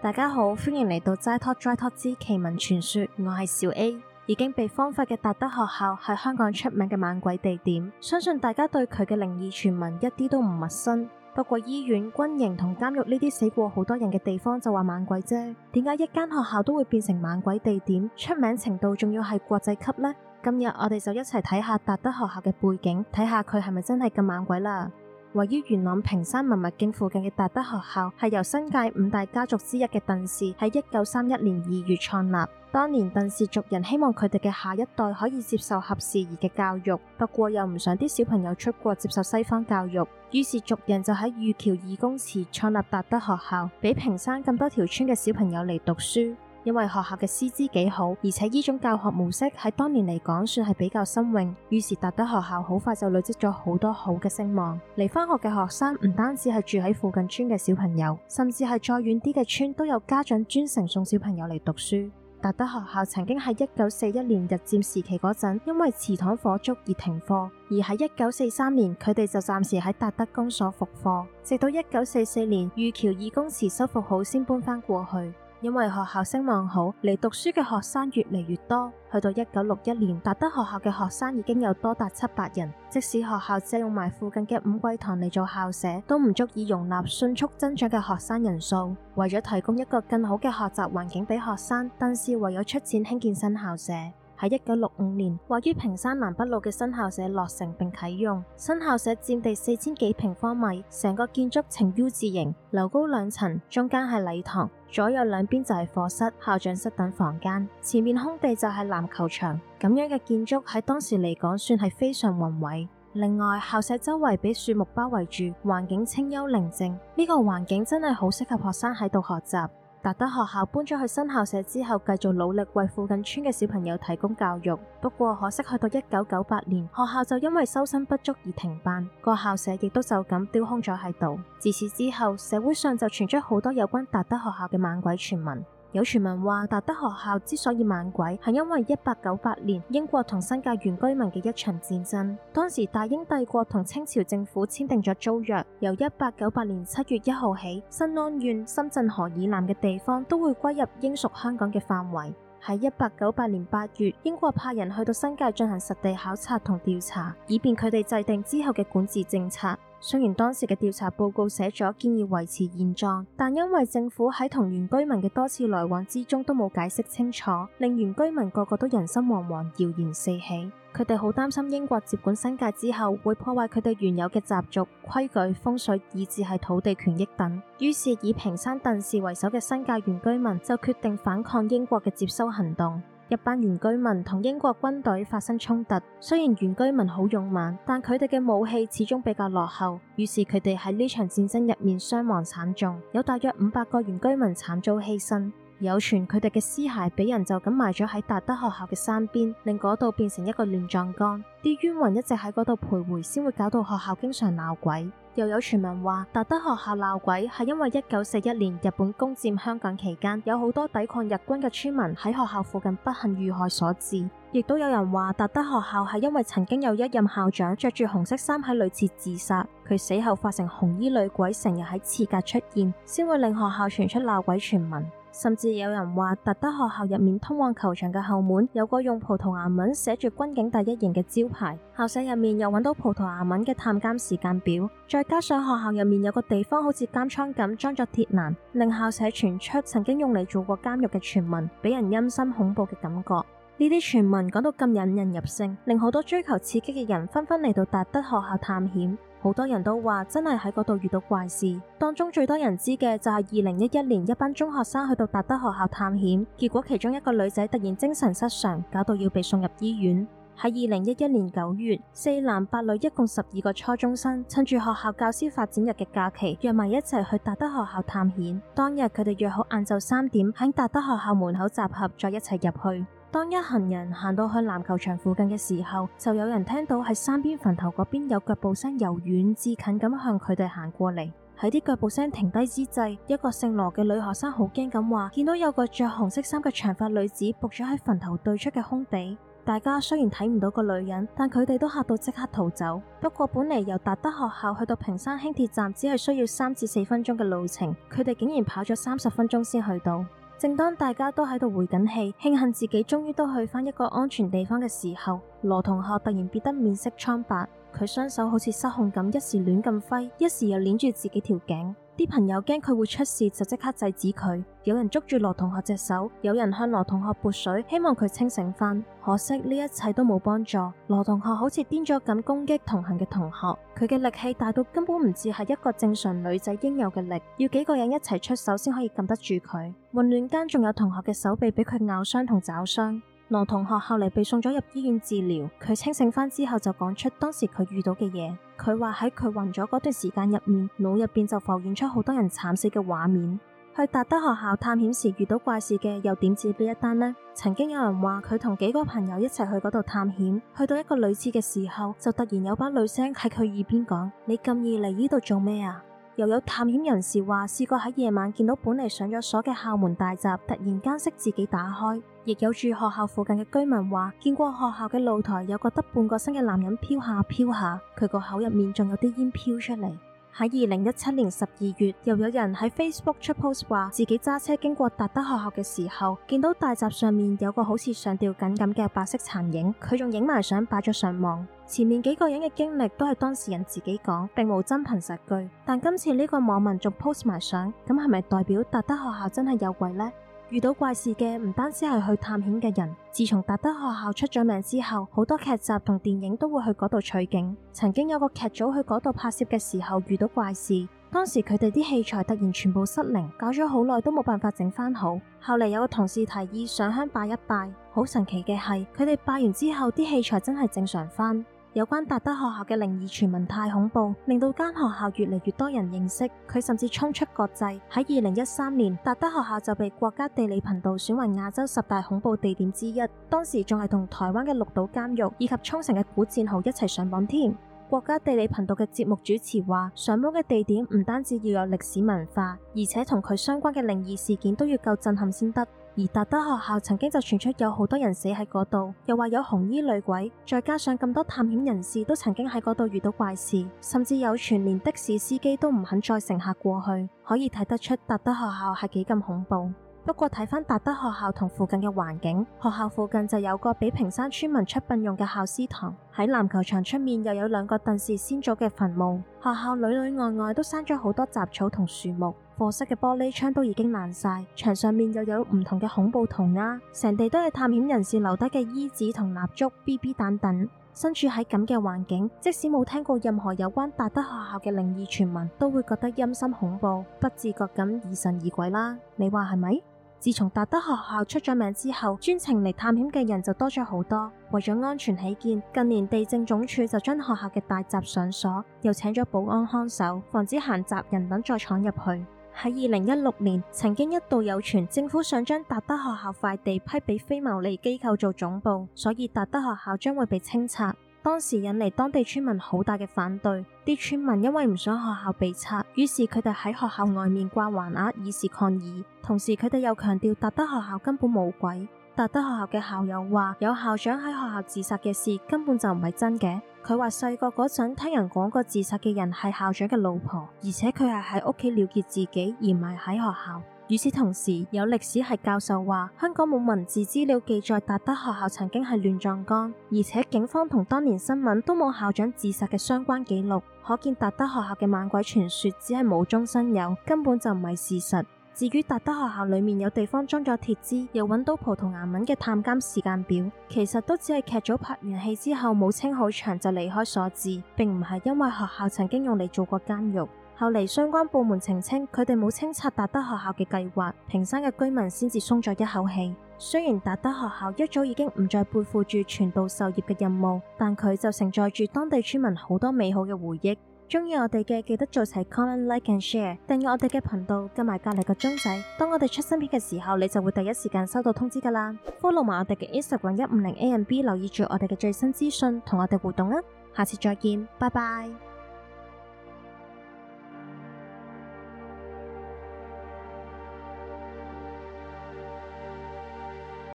大家好，歡迎嚟到齋托齋托之奇聞傳說，我係小 A。已經被荒廢嘅達德學校係香港出名嘅猛鬼地點，相信大家對佢嘅靈異傳聞一啲都唔陌生。不過醫院、軍營同監獄呢啲死過好多人嘅地方就話猛鬼啫，點解一間學校都會變成猛鬼地點？出名程度仲要係國際級呢？今日我哋就一齊睇下達德學校嘅背景，睇下佢係咪真係咁猛鬼啦。位於元朗屏山文物徑附近嘅達德學校，係由新界五大家族之一嘅鄧氏喺一九三一年二月創立。當年鄧氏族人希望佢哋嘅下一代可以接受合時宜嘅教育，不過又唔想啲小朋友出國接受西方教育，於是族人就喺御橋二公祠創立達德學校，俾屏山咁多條村嘅小朋友嚟讀書。因為學校嘅師資幾好，而且呢種教學模式喺當年嚟講算係比較新穎，於是達德學校好快就累積咗好多好嘅聲望。嚟翻學嘅學生唔單止係住喺附近村嘅小朋友，甚至係再遠啲嘅村都有家長專程送小朋友嚟讀書。達德學校曾經喺一九四一年日佔時期嗰陣，因為祠堂火燭而停課，而喺一九四三年佢哋就暫時喺達德公所復課，直到一九四四年愈喬二公祠修復好先搬翻過去。因為學校聲望好，嚟讀書嘅學生越嚟越多，去到一九六一年，達德學校嘅學生已經有多達七百人。即使學校借用埋附近嘅五桂堂嚟做校舍，都唔足以容納迅速增長嘅學生人數。為咗提供一個更好嘅學習環境俾學生，鄧氏唯有出錢興建新校舍。喺一九六五年，位於屏山南北路嘅新校舍落成並啟用。新校舍佔地四千幾平方米，成個建築呈 U 字形，樓高兩層，中間係禮堂，左右兩邊就係課室、校長室等房間，前面空地就係籃球場。咁樣嘅建築喺當時嚟講算係非常宏偉。另外，校舍周圍俾樹木包圍住，環境清幽寧靜，呢個環境真係好適合學生喺度學習。達德學校搬咗去新校舍之後，繼續努力為附近村嘅小朋友提供教育。不過可惜，去到一九九八年，學校就因為收生不足而停辦，個校舍亦都就咁丟空咗喺度。自此之後，社會上就傳出好多有關達德學校嘅猛鬼傳聞。有傳聞話，達德學校之所以猛鬼，係因為一八九八年英國同新界原居民嘅一場戰爭。當時大英帝國同清朝政府簽訂咗租約，由一八九八年七月一號起，新安縣深圳河以南嘅地方都會歸入英屬香港嘅範圍。喺一八九八年八月，英國派人去到新界進行實地考察同調查，以便佢哋制定之後嘅管治政策。雖然當時嘅調查報告寫咗建議維持現狀，但因為政府喺同原居民嘅多次來往之中都冇解釋清楚，令原居民個個都人心惶惶，謠言四起。佢哋好擔心英國接管新界之後會破壞佢哋原有嘅習俗、規矩、風水，以至係土地權益等。於是以屏山鄧氏為首嘅新界原居民就決定反抗英國嘅接收行動。一班原居民同英國軍隊發生衝突，雖然原居民好勇猛，但佢哋嘅武器始終比較落後，於是佢哋喺呢場戰爭入面傷亡慘重，有大約五百個原居民慘遭犧牲。有傳佢哋嘅屍骸俾人就咁埋咗喺達德學校嘅山邊，令嗰度變成一個亂葬崗，啲冤魂一直喺嗰度徘徊，先會搞到學校經常鬧鬼。又有傳聞話達德學校鬧鬼係因為一九四一年日本攻占香港期間，有好多抵抗日軍嘅村民喺學校附近不幸遇害所致。亦都有人話達德學校係因為曾經有一任校長着住紅色衫喺女廁自殺，佢死後化成紅衣女鬼成日喺廁格出現，先會令學校傳出鬧鬼傳聞。甚至有人話，達德學校入面通往球場嘅後門有個用葡萄牙文寫住“軍警第一營”嘅招牌，校舍入面又搵到葡萄牙文嘅探監時間表，再加上學校入面有個地方好似監倉咁裝咗鐵欄，令校舍傳出曾經用嚟做過監獄嘅傳聞，俾人陰森恐怖嘅感覺。呢啲傳聞講到咁引人入勝，令好多追求刺激嘅人紛紛嚟到達德學校探險。好多人都話真係喺嗰度遇到怪事，當中最多人知嘅就係二零一一年一班中學生去到達德學校探險，結果其中一個女仔突然精神失常，搞到要被送入醫院。喺二零一一年九月，四男八女一共十二個初中生，趁住學校教師發展日嘅假期，約埋一齊去達德學校探險。當日佢哋約好晏晝三點喺達德學校門口集合，再一齊入去。當一行人行到去籃球場附近嘅時候，就有人聽到喺山邊墳頭嗰邊有腳步聲由遠至近咁向佢哋行過嚟。喺啲腳步聲停低之際，一個姓羅嘅女學生好驚咁話：見到有個着紅色衫嘅長髮女子伏咗喺墳頭對出嘅空地。大家雖然睇唔到個女人，但佢哋都嚇到即刻逃走。不過本嚟由達德學校去到屏山輕鐵站只係需要三至四分鐘嘅路程，佢哋竟然跑咗三十分鐘先去到。正當大家都喺度回緊氣，慶幸自己終於都去返一個安全地方嘅時候，羅同學突然變得面色蒼白。佢雙手好似失控咁，一時亂咁揮，一時又捏住自己條頸。啲朋友驚佢會出事，就即刻制止佢。有人捉住羅同學隻手，有人向羅同學潑水，希望佢清醒翻。可惜呢一切都冇幫助。羅同學好似癲咗咁攻擊同行嘅同學，佢嘅力氣大到根本唔似係一個正常女仔應有嘅力，要幾個人一齊出手先可以撳得住佢。混亂間仲有同學嘅手臂俾佢咬傷同抓傷。羅同學後嚟被送咗入醫院治療。佢清醒翻之後就講出當時佢遇到嘅嘢。佢話喺佢暈咗嗰段時間入面，腦入邊就浮現出好多人慘死嘅畫面。去達德學校探險時遇到怪事嘅又點止呢一單呢？曾經有人話佢同幾個朋友一齊去嗰度探險，去到一個女廁嘅時候，就突然有把女聲喺佢耳邊講：你咁易嚟呢度做咩啊？又有探險人士話試過喺夜晚見到本嚟上咗鎖嘅校門大閘突然間識自己打開。亦有住學校附近嘅居民話，見過學校嘅露台有個得半個身嘅男人飄下飄下，佢個口入面仲有啲煙飄出嚟。喺二零一七年十二月，又有人喺 Facebook 出 post 話，自己揸車經過達德學校嘅時候，見到大閘上面有個好似上吊緊咁嘅白色殘影，佢仲影埋相擺咗上網。前面幾個人嘅經歷都係當事人自己講，並冇真憑實據。但今次呢個網民仲 post 埋相，咁係咪代表達德學校真係有鬼呢？遇到怪事嘅唔單止係去探險嘅人，自從達德學校出咗名之後，好多劇集同電影都會去嗰度取景。曾經有個劇組去嗰度拍攝嘅時候，遇到怪事，當時佢哋啲器材突然全部失靈，搞咗好耐都冇辦法整翻好。後嚟有個同事提議上香拜一拜，好神奇嘅係，佢哋拜完之後啲器材真係正常翻。有關達德學校嘅靈異傳聞太恐怖，令到間學校越嚟越多人認識佢，甚至衝出國際。喺二零一三年，達德學校就被國家地理頻道選為亞洲十大恐怖地點之一，當時仲係同台灣嘅綠島監獄以及沖繩嘅古戰壕一齊上榜添。國家地理頻道嘅節目主持話，上榜嘅地點唔單止要有歷史文化，而且同佢相關嘅靈異事件都要夠震撼先得。而達德學校曾經就傳出有好多人死喺嗰度，又話有紅衣女鬼，再加上咁多探險人士都曾經喺嗰度遇到怪事，甚至有傳連的士司機都唔肯載乘客過去，可以睇得出達德學校係幾咁恐怖。不過睇返達德學校同附近嘅環境，學校附近就有個俾坪山村民出殯用嘅校屍堂，喺籃球場出面又有兩個鄧氏先祖嘅墳墓。學校裏裏外外都生咗好多雜草同樹木，課室嘅玻璃窗都已經爛晒，牆上面又有唔同嘅恐怖塗鴉、啊，成地都係探險人士留低嘅衣紙同蠟燭、BB 彈等。身處喺咁嘅環境，即使冇聽過任何有關達德學校嘅靈異傳聞，都會覺得陰森恐怖，不自覺咁疑神疑鬼啦。你話係咪？自從達德學校出咗名之後，專程嚟探險嘅人就多咗好多。為咗安全起見，近年地政總署就將學校嘅大閘上鎖，又請咗保安看守，防止閒雜人等再闖入去。喺二零一六年，曾經一度有傳政府想將達德學校塊地批俾非牟利機構做總部，所以達德學校將會被清拆。當時引嚟當地村民好大嘅反對，啲村民因為唔想學校被拆，於是佢哋喺學校外面掛橫額以示抗議。同時佢哋又強調達德學校根本冇鬼。達德學校嘅校友話，有校長喺學校自殺嘅事根本就唔係真嘅。佢話細個嗰陣聽人講過自殺嘅人係校長嘅老婆，而且佢係喺屋企了結自己，而唔係喺學校。與此同時，有歷史系教授話，香港冇文字資料記載達德學校曾經係亂葬崗，而且警方同當年新聞都冇校長自殺嘅相關記錄，可見達德學校嘅猛鬼傳說只係無中生有，根本就唔係事實。至於達德學校裏面有地方裝咗鐵枝，又揾到葡萄牙文嘅探監時間表，其實都只係劇組拍完戲之後冇清好場就離開所致，並唔係因為學校曾經用嚟做過監獄。後嚟相關部門澄清，佢哋冇清拆達德學校嘅計劃，坪山嘅居民先至鬆咗一口氣。雖然達德學校一早已經唔再背負住傳道授業嘅任務，但佢就承載住當地村民好多美好嘅回憶。中意我哋嘅記得做齊 comment、like and share，訂閱我哋嘅頻道，加埋隔籬個鐘仔，當我哋出新片嘅時候，你就會第一時間收到通知噶啦。follow 埋我哋嘅 Instagram 150 AMB，留意住我哋嘅最新資訊，同我哋互動啊！下次再見，拜拜。